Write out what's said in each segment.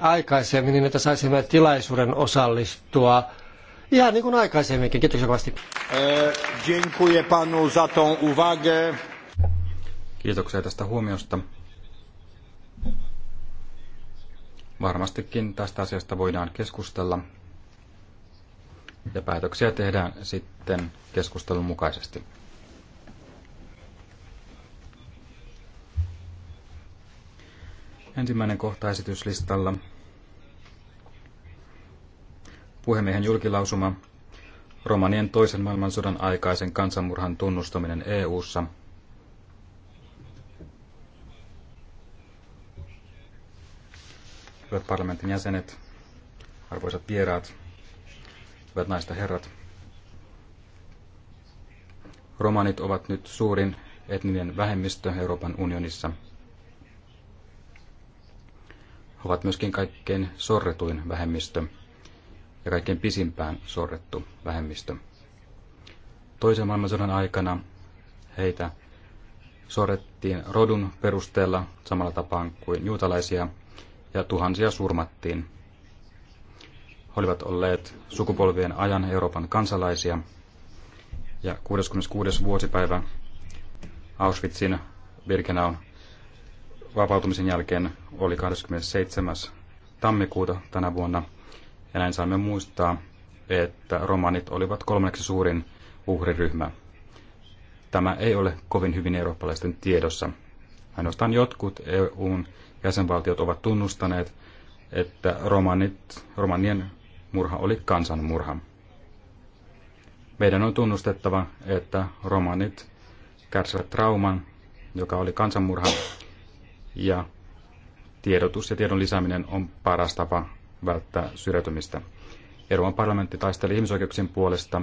aikaisemmin, niin että saisimme tilaisuuden osallistua. Ihan niin kuin aikaisemminkin. Kiitoksia kovasti. Eh, dziękuję panu za tą uwagę. Kiitoksia tästä huomiosta. Varmastikin tästä asiasta voidaan keskustella ja päätöksiä tehdään sitten keskustelun mukaisesti. Ensimmäinen kohta esityslistalla. Puhemiehen julkilausuma. Romanien toisen maailmansodan aikaisen kansanmurhan tunnustaminen EU:ssa. Hyvät parlamentin jäsenet, arvoisat vieraat, hyvät naista herrat. Romanit ovat nyt suurin etninen vähemmistö Euroopan unionissa – ovat myöskin kaikkein sorretuin vähemmistö ja kaikkein pisimpään sorrettu vähemmistö. Toisen maailmansodan aikana heitä sorrettiin rodun perusteella samalla tapaan kuin juutalaisia ja tuhansia surmattiin. He olivat olleet sukupolvien ajan Euroopan kansalaisia ja 66. vuosipäivä Auschwitzin Birkenau vapautumisen jälkeen oli 27. tammikuuta tänä vuonna. Ja näin saimme muistaa, että romanit olivat kolmanneksi suurin uhriryhmä. Tämä ei ole kovin hyvin eurooppalaisten tiedossa. Ainoastaan jotkut EUn jäsenvaltiot ovat tunnustaneet, että romanit, romanien murha oli kansanmurha. Meidän on tunnustettava, että romanit kärsivät trauman, joka oli kansanmurha, ja tiedotus ja tiedon lisääminen on paras tapa välttää syrjäytymistä. Euroopan parlamentti taisteli ihmisoikeuksien puolesta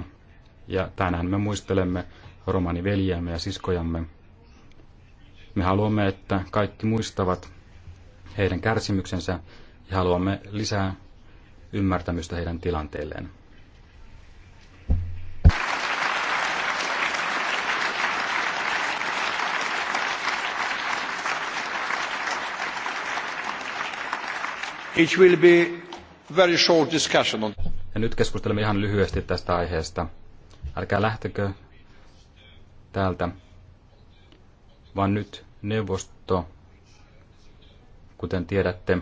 ja tänään me muistelemme romaniveljiämme ja siskojamme. Me haluamme, että kaikki muistavat heidän kärsimyksensä ja haluamme lisää ymmärtämystä heidän tilanteelleen. It will be very short discussion on... Ja nyt keskustelemme ihan lyhyesti tästä aiheesta. Älkää lähtekö täältä, vaan nyt neuvosto, kuten tiedätte,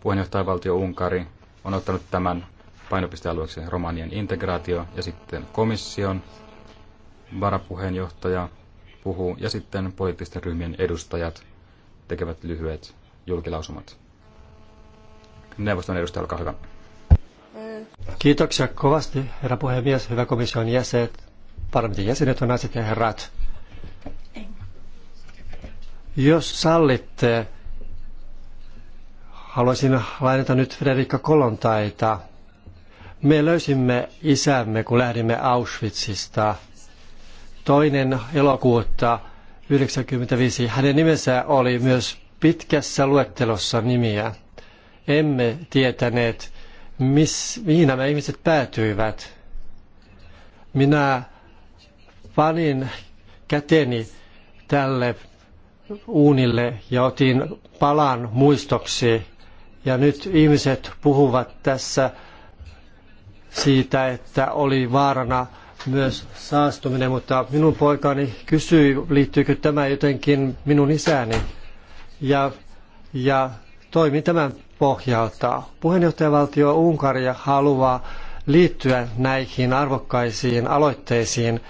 puheenjohtajavaltio Unkari on ottanut tämän painopistealueeksi Romanien integraatio ja sitten komission varapuheenjohtaja puhuu ja sitten poliittisten ryhmien edustajat tekevät lyhyet julkilausumat neuvoston edustaja, olkaa hyvä. Kiitoksia kovasti, herra puhemies, hyvä komission jäsenet, parlamentin jäsenet, naiset ja herrat. Jos sallitte, haluaisin lainata nyt Frederikka Kolontaita. Me löysimme isämme, kun lähdimme Auschwitzista toinen elokuuta 1995. Hänen nimensä oli myös pitkässä luettelossa nimiä emme tietäneet, miss, mihin nämä ihmiset päätyivät. Minä panin käteni tälle uunille ja otin palan muistoksi. Ja nyt ihmiset puhuvat tässä siitä, että oli vaarana myös saastuminen, mutta minun poikani kysyi, liittyykö tämä jotenkin minun isäni. Ja, ja toimin tämän pohjalta. Puheenjohtajavaltio Unkaria haluaa liittyä näihin arvokkaisiin aloitteisiin,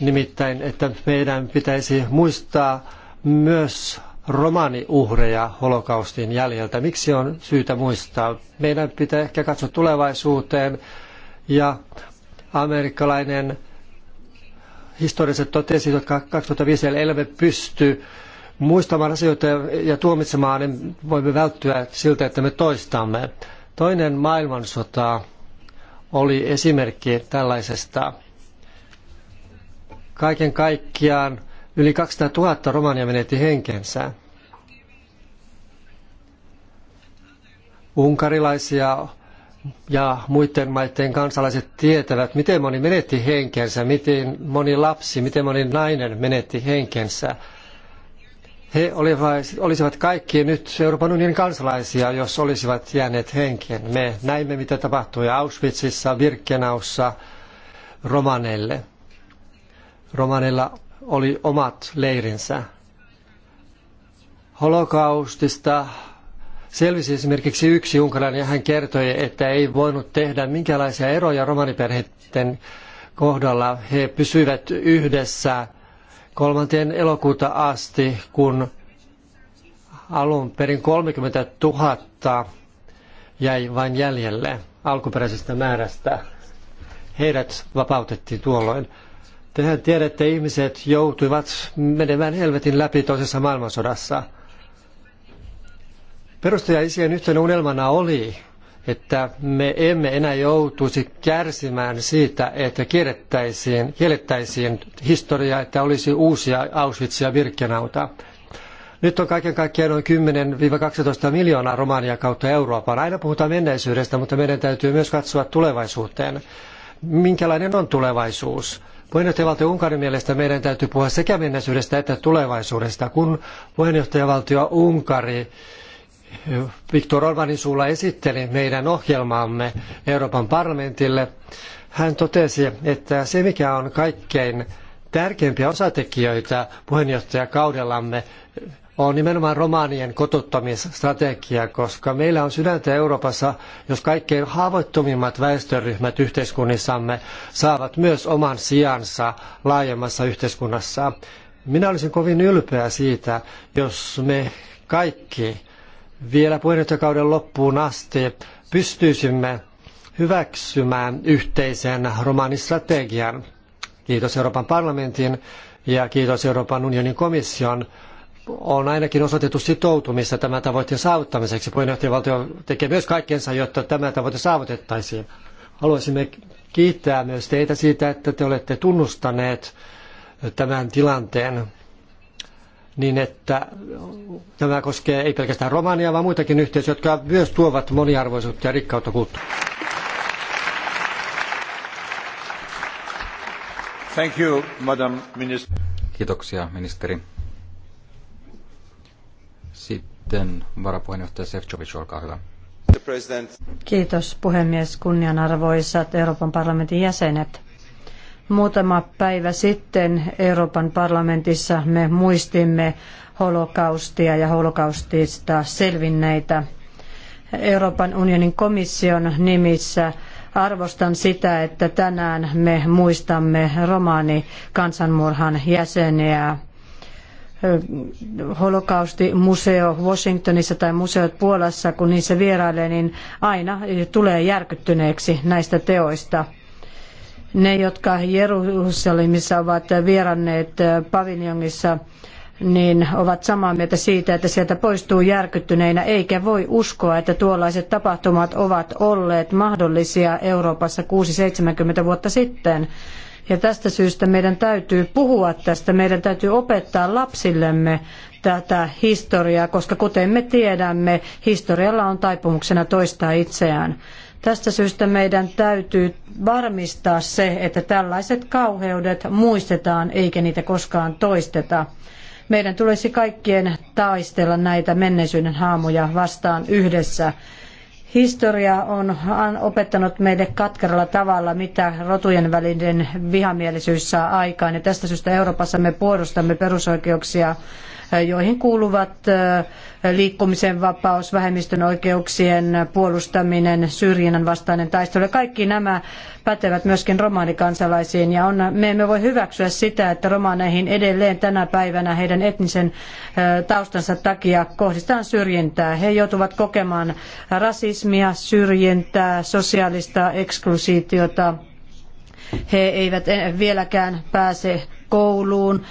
nimittäin että meidän pitäisi muistaa myös romaniuhreja holokaustin jäljeltä. Miksi on syytä muistaa? Meidän pitää ehkä katsoa tulevaisuuteen ja amerikkalainen historialliset totesi, että 2005 elämä pysty muistamaan asioita ja tuomitsemaan, niin voimme välttyä siltä, että me toistamme. Toinen maailmansota oli esimerkki tällaisesta. Kaiken kaikkiaan yli 200 000 romania menetti henkensä. Unkarilaisia ja muiden maiden kansalaiset tietävät, miten moni menetti henkensä, miten moni lapsi, miten moni nainen menetti henkensä – he olisivat kaikki nyt Euroopan unionin kansalaisia, jos olisivat jääneet henkeen. Me näimme, mitä tapahtui Auschwitzissa, Birkenaussa, romaneille. Romaneilla oli omat leirinsä. Holokaustista selvisi esimerkiksi yksi unkarilainen ja hän kertoi, että ei voinut tehdä minkälaisia eroja romaniperheiden kohdalla. He pysyivät yhdessä kolmanteen elokuuta asti, kun alun perin 30 000 jäi vain jäljelle alkuperäisestä määrästä. Heidät vapautettiin tuolloin. Tehän tiedätte, ihmiset joutuivat menemään helvetin läpi toisessa maailmansodassa. Perustajaisien yhtenä unelmana oli, että me emme enää joutuisi kärsimään siitä, että kiellettäisiin, kiellettäisiin historiaa, että olisi uusia Auschwitz ja Birkenauta. Nyt on kaiken kaikkiaan noin 10-12 miljoonaa romania kautta Euroopan. Aina puhutaan menneisyydestä, mutta meidän täytyy myös katsoa tulevaisuuteen. Minkälainen on tulevaisuus? Puheenjohtajavaltio Unkarin mielestä meidän täytyy puhua sekä menneisyydestä että tulevaisuudesta. Kun puheenjohtajavaltio Unkari Viktor Orbanin suulla esitteli meidän ohjelmaamme Euroopan parlamentille, hän totesi, että se mikä on kaikkein tärkeimpiä osatekijöitä puheenjohtajakaudellamme on nimenomaan romaanien kotottamisstrategia, koska meillä on sydäntä Euroopassa, jos kaikkein haavoittuvimmat väestöryhmät yhteiskunnissamme saavat myös oman sijansa laajemmassa yhteiskunnassa. Minä olisin kovin ylpeä siitä, jos me kaikki vielä puheenjohtajakauden loppuun asti pystyisimme hyväksymään yhteisen romanistrategian. Kiitos Euroopan parlamentin ja kiitos Euroopan unionin komission. On ainakin osoitettu sitoutumista tämän tavoitteen saavuttamiseksi. Puheenjohtajavaltio tekee myös kaikkensa, jotta tämä tavoite saavutettaisiin. Haluaisimme kiittää myös teitä siitä, että te olette tunnustaneet tämän tilanteen niin että tämä koskee ei pelkästään Romania, vaan muitakin yhteisöjä, jotka myös tuovat moniarvoisuutta ja rikkautta kulttuuriin. Thank you, Madam Minister. Kiitoksia, ministeri. Sitten varapuheenjohtaja Sefcovic, olkaa hyvä. Kiitos puhemies, kunnianarvoisat Euroopan parlamentin jäsenet. Muutama päivä sitten Euroopan parlamentissa me muistimme holokaustia ja holokaustista selvinneitä. Euroopan unionin komission nimissä arvostan sitä, että tänään me muistamme romaani kansanmurhan jäseniä. Holokaustimuseo Washingtonissa tai museot Puolassa, kun niissä vierailee, niin aina tulee järkyttyneeksi näistä teoista. Ne, jotka Jerusalemissa ovat vieranneet äh, paviljongissa, niin ovat samaa mieltä siitä, että sieltä poistuu järkyttyneinä, eikä voi uskoa, että tuollaiset tapahtumat ovat olleet mahdollisia Euroopassa 6-70 vuotta sitten. Ja tästä syystä meidän täytyy puhua tästä, meidän täytyy opettaa lapsillemme tätä historiaa, koska kuten me tiedämme, historialla on taipumuksena toistaa itseään. Tästä syystä meidän täytyy varmistaa se, että tällaiset kauheudet muistetaan eikä niitä koskaan toisteta. Meidän tulisi kaikkien taistella näitä menneisyyden haamuja vastaan yhdessä. Historia on opettanut meille katkeralla tavalla, mitä rotujen välinen vihamielisyys saa aikaan. Ja tästä syystä Euroopassa me puolustamme perusoikeuksia joihin kuuluvat liikkumisen vapaus, vähemmistön oikeuksien puolustaminen, syrjinnän vastainen taistelu. Kaikki nämä pätevät myöskin romaanikansalaisiin ja on, me emme voi hyväksyä sitä, että romaaneihin edelleen tänä päivänä heidän etnisen taustansa takia kohdistetaan syrjintää. He joutuvat kokemaan rasismia, syrjintää, sosiaalista eksklusiitiota. He eivät e, vieläkään pääse kouluun.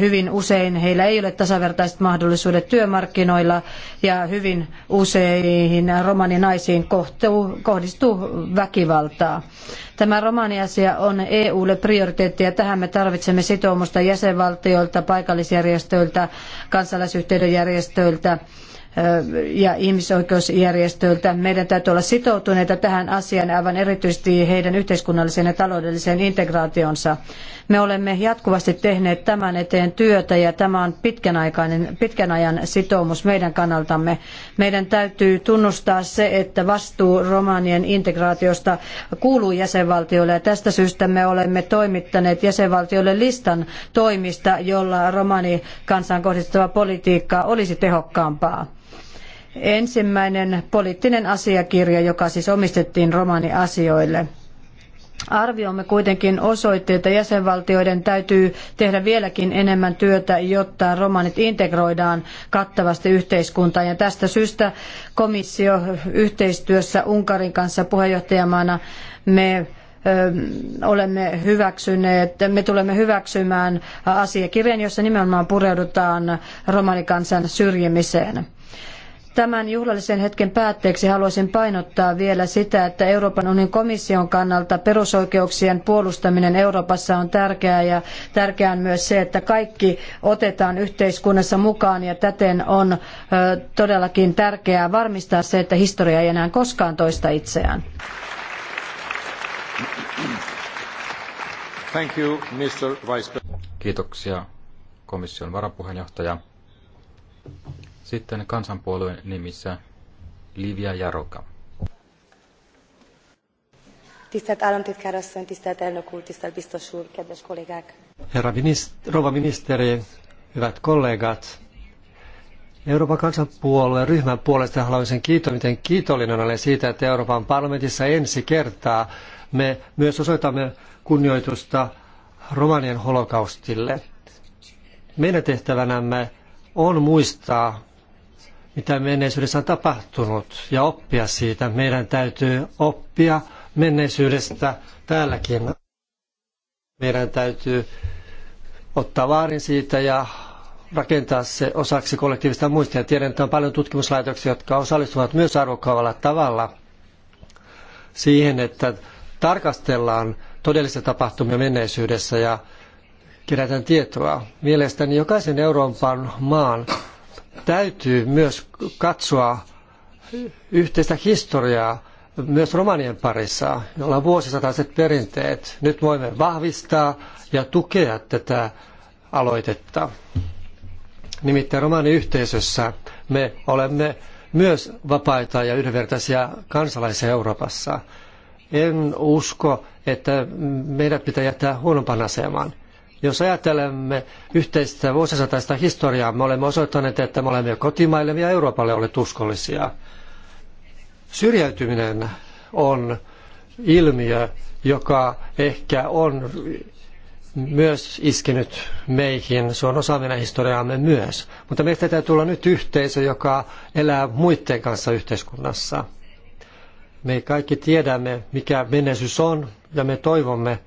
Hyvin usein heillä ei ole tasavertaiset mahdollisuudet työmarkkinoilla ja hyvin usein romaninaisiin kohdistuu väkivaltaa. Tämä romaniasia on EUlle prioriteetti ja tähän me tarvitsemme sitoumusta jäsenvaltioilta, paikallisjärjestöiltä, kansalaisyhteyden järjestöiltä ja ihmisoikeusjärjestöiltä. Meidän täytyy olla sitoutuneita tähän asiaan, aivan erityisesti heidän yhteiskunnalliseen ja taloudelliseen integraationsa. Me olemme jatkuvasti tehneet tämän eteen työtä ja tämä on pitkän ajan sitoumus meidän kannaltamme. Meidän täytyy tunnustaa se, että vastuu romanien integraatiosta kuuluu jäsenvaltioille ja tästä syystä me olemme toimittaneet jäsenvaltioille listan toimista, jolla romani kansaan kohdistuva politiikka olisi tehokkaampaa ensimmäinen poliittinen asiakirja, joka siis omistettiin romaniasioille. Arviomme kuitenkin osoitti, että jäsenvaltioiden täytyy tehdä vieläkin enemmän työtä, jotta romanit integroidaan kattavasti yhteiskuntaan. Ja tästä syystä komissio yhteistyössä Unkarin kanssa puheenjohtajamaana me olemme hyväksyneet, me tulemme hyväksymään asiakirjan, jossa nimenomaan pureudutaan romanikansan syrjimiseen. Tämän juhlallisen hetken päätteeksi haluaisin painottaa vielä sitä, että Euroopan unionin komission kannalta perusoikeuksien puolustaminen Euroopassa on tärkeää ja tärkeää on myös se, että kaikki otetaan yhteiskunnassa mukaan ja täten on todellakin tärkeää varmistaa se, että historia ei enää koskaan toista itseään. Thank you, Mr. Vice Kiitoksia komission varapuheenjohtaja. Sitten kansanpuolueen nimissä Livia Jaroka. Tisztelt államtitkárasszony, tisztelt elnök úr, tisztelt biztos úr, kedves kollégák! Herra minist- rouva ministeri, hyvät kollegat! Euroopan kansanpuolueen ryhmän puolesta haluaisin kiitoa, miten kiitollinen olen siitä, että Euroopan parlamentissa ensi kertaa me myös osoitamme kunnioitusta romanien holokaustille. Meidän tehtävänämme on muistaa mitä menneisyydessä on tapahtunut ja oppia siitä. Meidän täytyy oppia menneisyydestä täälläkin. Meidän täytyy ottaa vaarin siitä ja rakentaa se osaksi kollektiivista muistia. Tiedän, että on paljon tutkimuslaitoksia, jotka osallistuvat myös arvokkaavalla tavalla siihen, että tarkastellaan todellisia tapahtumia menneisyydessä ja kerätään tietoa. Mielestäni jokaisen Euroopan maan täytyy myös katsoa yhteistä historiaa myös romanien parissa, jolla on vuosisataiset perinteet. Nyt voimme vahvistaa ja tukea tätä aloitetta. Nimittäin romaniyhteisössä me olemme myös vapaita ja yhdenvertaisia kansalaisia Euroopassa. En usko, että meidät pitää jättää huonompaan asemaan. Jos ajattelemme yhteistä vuosisataista historiaa, me olemme osoittaneet, että me olemme kotimaille ja Euroopalle olleet uskollisia. Syrjäytyminen on ilmiö, joka ehkä on myös iskenyt meihin. Se on osa meidän historiaamme myös. Mutta meistä täytyy tulla nyt yhteisö, joka elää muiden kanssa yhteiskunnassa. Me kaikki tiedämme, mikä menneisyys on, ja me toivomme,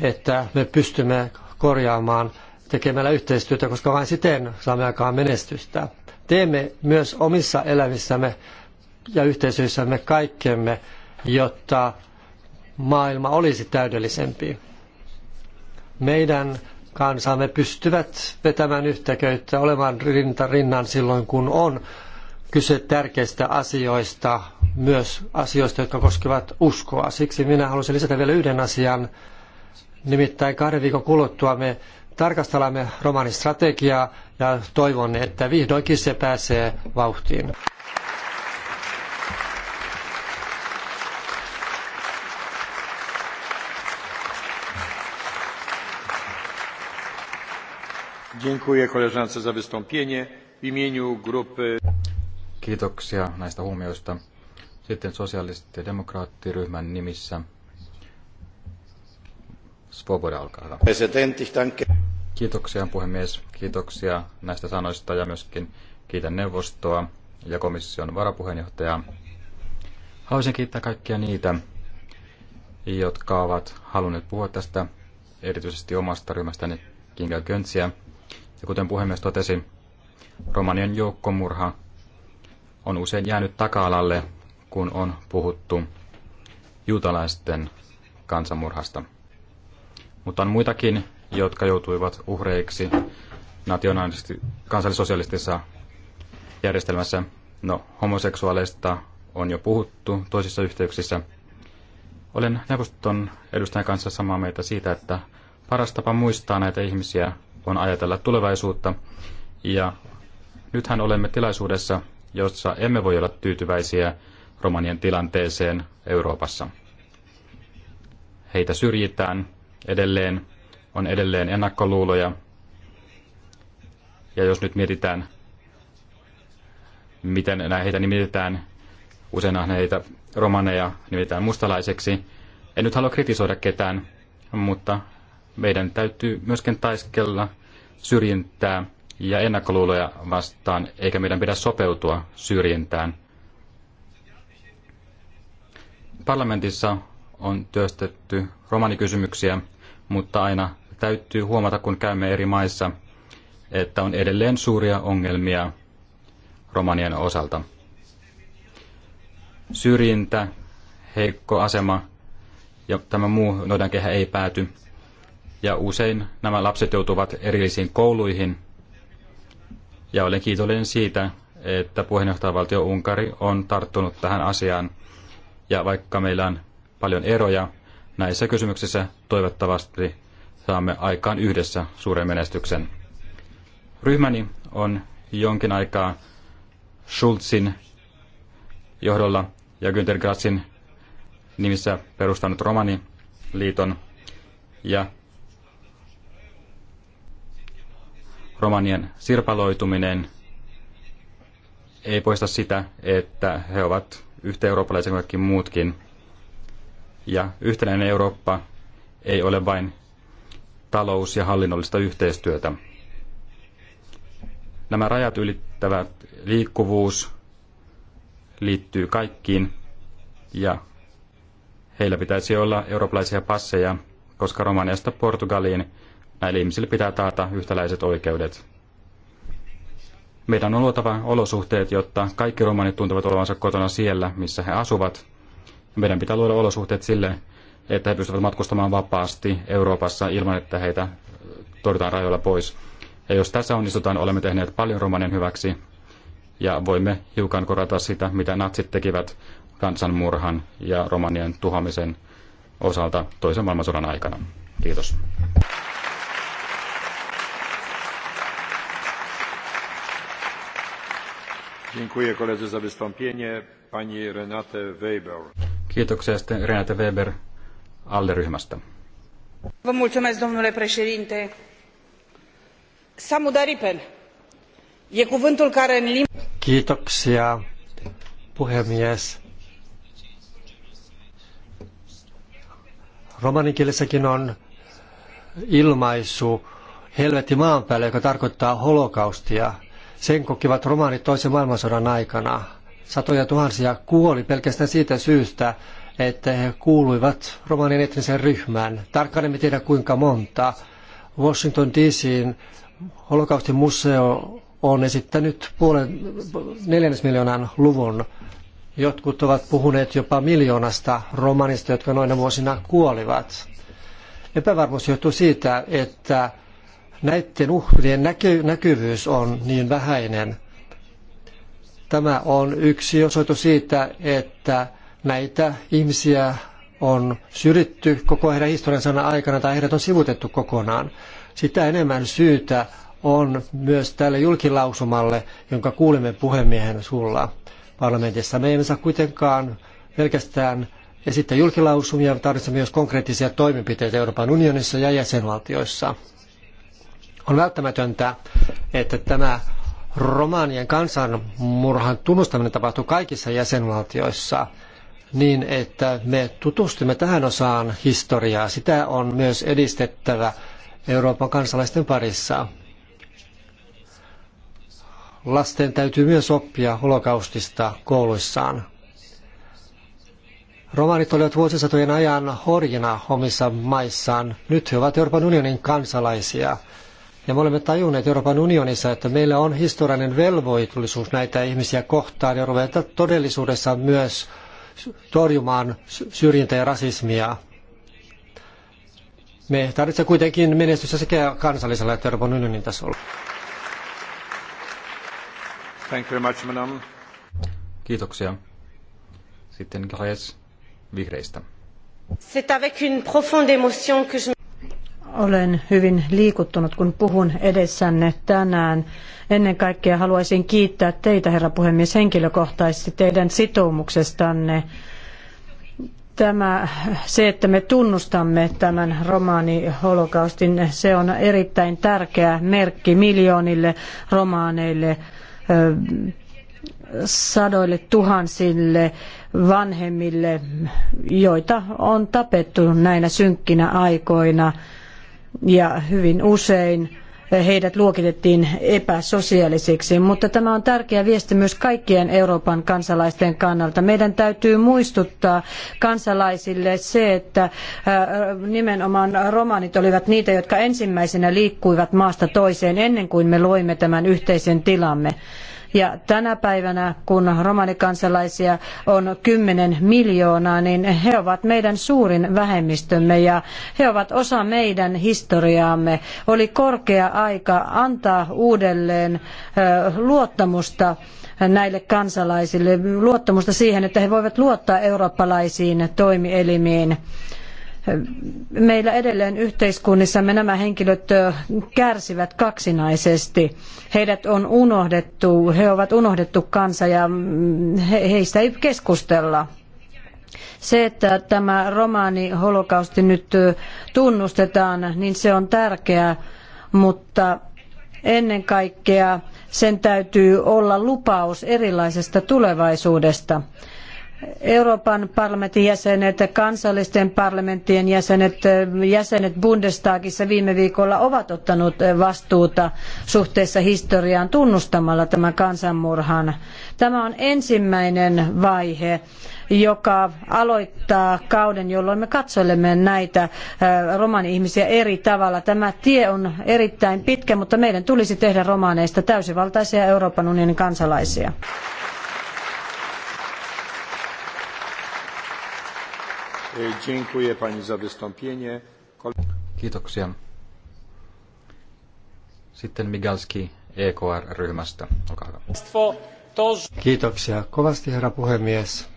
että me pystymme korjaamaan tekemällä yhteistyötä, koska vain siten saamme aikaan menestystä. Teemme myös omissa elämissämme ja yhteisöissämme kaikkemme, jotta maailma olisi täydellisempi. Meidän kansamme pystyvät vetämään yhtäköyttä, olemaan rinta rinnan silloin, kun on kyse tärkeistä asioista, myös asioista, jotka koskevat uskoa. Siksi minä haluaisin lisätä vielä yhden asian, Nimittäin kahden viikon kuluttua me tarkastellamme romanistrategiaa ja toivon, että vihdoinkin se pääsee vauhtiin. Dziękuję koleżance za wystąpienie. W imieniu grupy... Kiitoksia näistä huomioista. Sitten sosiaalisten demokraattiryhmän nimissä Svoboda, olkaa hyvä. Kiitoksia puhemies, kiitoksia näistä sanoista ja myöskin kiitän neuvostoa ja komission varapuheenjohtajaa. Haluaisin kiittää kaikkia niitä, jotka ovat halunneet puhua tästä, erityisesti omasta ryhmästäni Kinga Köntsiä. Ja kuten puhemies totesi, Romanian joukkomurha on usein jäänyt taka-alalle, kun on puhuttu juutalaisten kansanmurhasta. Mutta on muitakin, jotka joutuivat uhreiksi nationaalisti kansallisosialistisessa järjestelmässä. No, homoseksuaaleista on jo puhuttu toisissa yhteyksissä. Olen neuvoston edustajan kanssa samaa mieltä siitä, että paras tapa muistaa näitä ihmisiä on ajatella tulevaisuutta. Ja nythän olemme tilaisuudessa, jossa emme voi olla tyytyväisiä romanien tilanteeseen Euroopassa. Heitä syrjitään, edelleen, on edelleen ennakkoluuloja. Ja jos nyt mietitään, miten näitä nimitetään, usein heitä romaneja nimitetään mustalaiseksi. En nyt halua kritisoida ketään, mutta meidän täytyy myöskin taiskella syrjintää ja ennakkoluuloja vastaan, eikä meidän pidä sopeutua syrjintään. Parlamentissa on työstetty romanikysymyksiä, mutta aina täytyy huomata, kun käymme eri maissa, että on edelleen suuria ongelmia romanien osalta. Syrjintä, heikko asema ja tämä muu noidankehä ei pääty. Ja usein nämä lapset joutuvat erillisiin kouluihin. Ja olen kiitollinen siitä, että puheenjohtajavaltio Unkari on tarttunut tähän asiaan. Ja vaikka meillä on paljon eroja. Näissä kysymyksissä toivottavasti saamme aikaan yhdessä suuren menestyksen. Ryhmäni on jonkin aikaa Schulzin johdolla ja Günter Grassin nimissä perustanut Romani liiton ja romanien sirpaloituminen ei poista sitä, että he ovat yhtä eurooppalaisia kuin muutkin. Ja yhtenäinen Eurooppa ei ole vain talous- ja hallinnollista yhteistyötä. Nämä rajat ylittävät liikkuvuus liittyy kaikkiin ja heillä pitäisi olla eurooppalaisia passeja, koska Romaniasta Portugaliin näille ihmisille pitää taata yhtäläiset oikeudet. Meidän on luotava olosuhteet, jotta kaikki romanit tuntevat olevansa kotona siellä, missä he asuvat – meidän pitää luoda olosuhteet sille, että he pystyvät matkustamaan vapaasti Euroopassa ilman, että heitä torjutaan rajoilla pois. Ja jos tässä onnistutaan, olemme tehneet paljon romanien hyväksi ja voimme hiukan korata sitä, mitä natsit tekivät kansanmurhan ja romanien tuhoamisen osalta toisen maailmansodan aikana. Kiitos. Dziękuję koledze za wystąpienie. Pani Renate Weber. Kiitoksia sitten Renate Weber ALDE-ryhmästä. Vă mulțumesc, domnule președinte. Samu Daripen, e cuvântul care în limba... Kiitoksia, puhemies. Romanikielissäkin on ilmaisu helvetti maan päälle, joka tarkoittaa holokaustia. Sen kokivat romaanit toisen maailmansodan aikana – Satoja tuhansia kuoli pelkästään siitä syystä, että he kuuluivat romanien etniseen ryhmään. Tarkkaan emme tiedä kuinka monta. Washington DCin holokaustin museo on esittänyt puolen, neljännesmiljoonan luvun. Jotkut ovat puhuneet jopa miljoonasta romanista, jotka noina vuosina kuolivat. Epävarmuus johtuu siitä, että näiden uhrien näkyvyys on niin vähäinen – Tämä on yksi osoitus siitä, että näitä ihmisiä on syrjitty koko heidän historiansa aikana tai heidät on sivutettu kokonaan. Sitä enemmän syytä on myös tälle julkilausumalle, jonka kuulimme puhemiehen suulla parlamentissa. Me emme saa kuitenkaan pelkästään esittää julkilausumia, tarvitsemme myös konkreettisia toimenpiteitä Euroopan unionissa ja jäsenvaltioissa. On välttämätöntä, että tämä romaanien kansanmurhan tunnustaminen tapahtuu kaikissa jäsenvaltioissa niin, että me tutustumme tähän osaan historiaa. Sitä on myös edistettävä Euroopan kansalaisten parissa. Lasten täytyy myös oppia holokaustista kouluissaan. Romaanit olivat vuosisatojen ajan horjina omissa maissaan. Nyt he ovat Euroopan unionin kansalaisia – ja me olemme tajunneet Euroopan unionissa, että meillä on historiallinen velvoitullisuus näitä ihmisiä kohtaan ja ruveta todellisuudessa myös torjumaan syrjintää ja rasismia. Me tarvitsemme kuitenkin menestystä sekä kansallisella että Euroopan unionin tasolla. Thank you very much, madam. Kiitoksia. Sitten Graes vihreistä. C'est avec une profonde émotion que je olen hyvin liikuttunut, kun puhun edessänne tänään. Ennen kaikkea haluaisin kiittää teitä, herra puhemies, henkilökohtaisesti teidän sitoumuksestanne. Tämä, se, että me tunnustamme tämän romaniholokaustin, se on erittäin tärkeä merkki miljoonille romaaneille, sadoille tuhansille vanhemmille, joita on tapettu näinä synkkinä aikoina – ja hyvin usein heidät luokitettiin epäsosiaalisiksi, mutta tämä on tärkeä viesti myös kaikkien Euroopan kansalaisten kannalta. Meidän täytyy muistuttaa kansalaisille se, että nimenomaan romanit olivat niitä, jotka ensimmäisenä liikkuivat maasta toiseen ennen kuin me loimme tämän yhteisen tilamme. Ja tänä päivänä, kun romanikansalaisia on 10 miljoonaa, niin he ovat meidän suurin vähemmistömme ja he ovat osa meidän historiaamme. Oli korkea aika antaa uudelleen luottamusta näille kansalaisille, luottamusta siihen, että he voivat luottaa eurooppalaisiin toimielimiin. Meillä edelleen yhteiskunnissamme nämä henkilöt kärsivät kaksinaisesti. Heidät on unohdettu, he ovat unohdettu kansa ja mm, heistä ei keskustella. Se, että tämä romaani holokausti nyt tunnustetaan, niin se on tärkeää, mutta ennen kaikkea sen täytyy olla lupaus erilaisesta tulevaisuudesta. Euroopan parlamentin jäsenet, kansallisten parlamenttien jäsenet, jäsenet Bundestagissa viime viikolla ovat ottanut vastuuta suhteessa historiaan tunnustamalla tämän kansanmurhan. Tämä on ensimmäinen vaihe, joka aloittaa kauden, jolloin me katselemme näitä äh, romani-ihmisiä eri tavalla. Tämä tie on erittäin pitkä, mutta meidän tulisi tehdä romaaneista täysivaltaisia Euroopan unionin kansalaisia. E, Kiitoksia. Sitten Migalski EKR-ryhmästä. Kiitoksia kovasti, herra puhemies.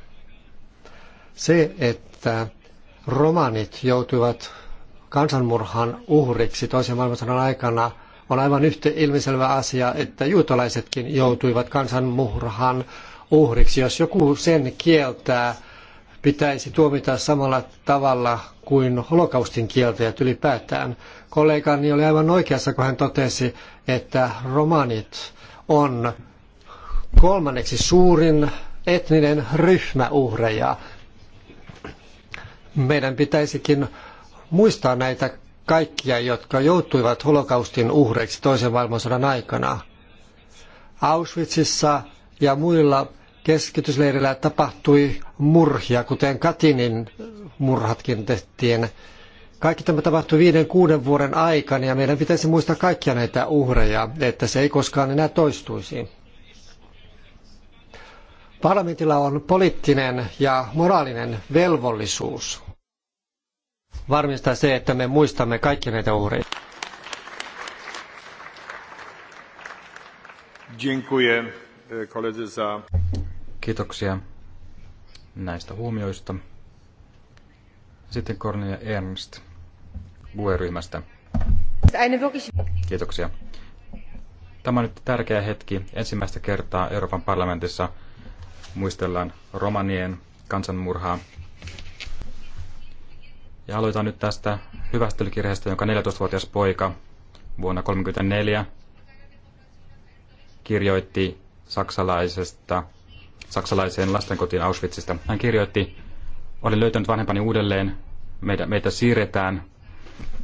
Se, että romanit joutuivat kansanmurhan uhriksi toisen maailmansodan aikana, on aivan yhtä ilmiselvä asia, että juutalaisetkin joutuivat kansanmurhan uhriksi. Jos joku sen kieltää, pitäisi tuomita samalla tavalla kuin holokaustin kieltäjät ylipäätään. Kollegani oli aivan oikeassa, kun hän totesi, että romanit on kolmanneksi suurin etninen ryhmä uhreja. Meidän pitäisikin muistaa näitä kaikkia, jotka joutuivat holokaustin uhreiksi toisen maailmansodan aikana. Auschwitzissa ja muilla keskitysleirillä tapahtui murhia, kuten Katinin murhatkin tehtiin. Kaikki tämä tapahtui viiden kuuden vuoden aikana ja meidän pitäisi muistaa kaikkia näitä uhreja, että se ei koskaan enää toistuisi. Parlamentilla on poliittinen ja moraalinen velvollisuus varmistaa se, että me muistamme kaikki näitä uhreja. Dziękuję e, koledzy za Kiitoksia näistä huomioista. Sitten Cornelia Ernst UE-ryhmästä. Kiitoksia. Tämä on nyt tärkeä hetki. Ensimmäistä kertaa Euroopan parlamentissa muistellaan romanien kansanmurhaa. Ja aloitan nyt tästä hyvästelykirjasta, jonka 14-vuotias poika vuonna 1934 kirjoitti saksalaisesta saksalaiseen lastenkotiin Auschwitzista. Hän kirjoitti, olin löytänyt vanhempani uudelleen, meitä, meitä siirretään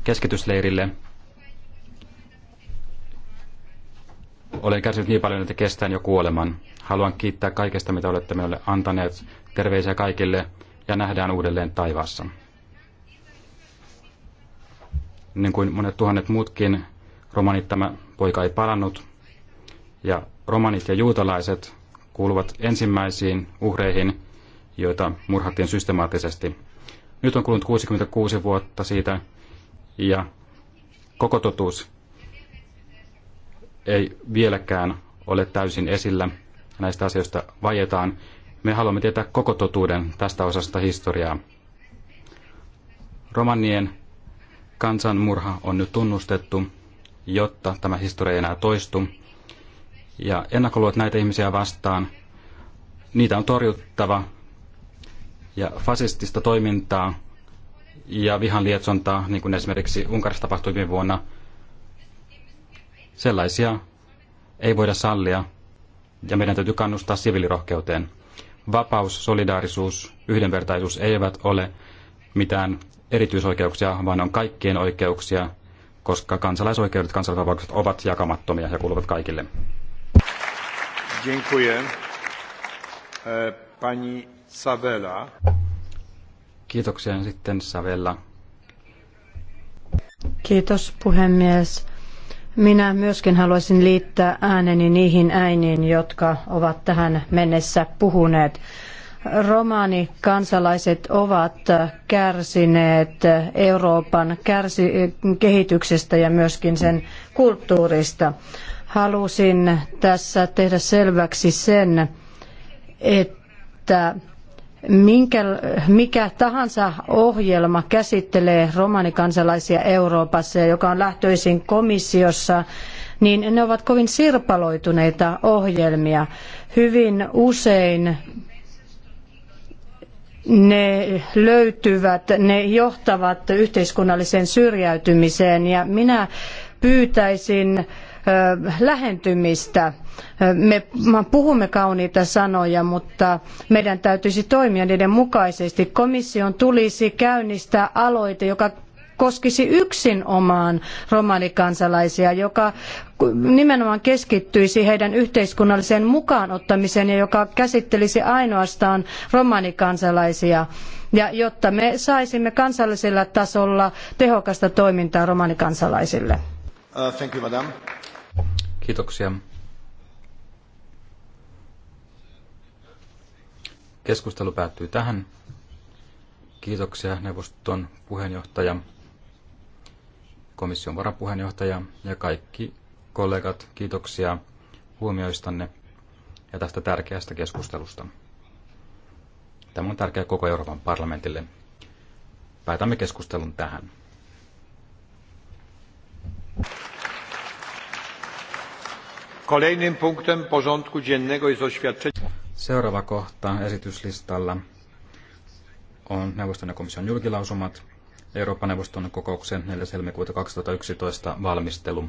keskitysleirille. Olen kärsinyt niin paljon, että kestään jo kuoleman. Haluan kiittää kaikesta, mitä olette minulle antaneet. Terveisiä kaikille ja nähdään uudelleen taivaassa. Niin kuin monet tuhannet muutkin romanit tämä poika ei palannut. Ja romanit ja juutalaiset kuuluvat ensimmäisiin uhreihin, joita murhattiin systemaattisesti. Nyt on kulunut 66 vuotta siitä ja koko totuus ei vieläkään ole täysin esillä. Näistä asioista vaietaan. Me haluamme tietää koko totuuden tästä osasta historiaa. Romanien kansanmurha on nyt tunnustettu, jotta tämä historia ei enää toistu ja ennakkoluot näitä ihmisiä vastaan, niitä on torjuttava ja fasistista toimintaa ja vihan lietsontaa, niin kuin esimerkiksi Unkarissa tapahtui viime vuonna, sellaisia ei voida sallia ja meidän täytyy kannustaa siviilirohkeuteen. Vapaus, solidaarisuus, yhdenvertaisuus eivät ole mitään erityisoikeuksia, vaan on kaikkien oikeuksia, koska kansalaisoikeudet, kansalaisvapaukset ovat jakamattomia ja kuuluvat kaikille. E, pani Kiitoksia sitten Savella. Kiitos puhemies. Minä myöskin haluaisin liittää ääneni niihin äiniin, jotka ovat tähän mennessä puhuneet. Romani kansalaiset ovat kärsineet Euroopan kärsi- kehityksestä ja myöskin sen kulttuurista. Halusin tässä tehdä selväksi sen, että minkä, mikä tahansa ohjelma käsittelee romanikansalaisia Euroopassa ja joka on lähtöisin komissiossa, niin ne ovat kovin sirpaloituneita ohjelmia. Hyvin usein ne löytyvät, ne johtavat yhteiskunnalliseen syrjäytymiseen ja minä pyytäisin lähentymistä. Me puhumme kauniita sanoja, mutta meidän täytyisi toimia niiden mukaisesti. Komission tulisi käynnistää aloite, joka koskisi yksinomaan romanikansalaisia, joka nimenomaan keskittyisi heidän yhteiskunnalliseen mukaanottamiseen ja joka käsittelisi ainoastaan romanikansalaisia. Ja jotta me saisimme kansallisella tasolla tehokasta toimintaa romanikansalaisille. Uh, Kiitoksia. Keskustelu päättyy tähän. Kiitoksia neuvoston puheenjohtaja, komission varapuheenjohtaja ja kaikki kollegat. Kiitoksia huomioistanne ja tästä tärkeästä keskustelusta. Tämä on tärkeä koko Euroopan parlamentille. Päätämme keskustelun tähän. Kolejnym punktem porządku dziennego jest oświadczenie... Seuraava kohta esityslistalla on neuvoston ja komission julkilausumat Euroopan neuvoston kokouksen 4. helmikuuta 2011 valmistelu.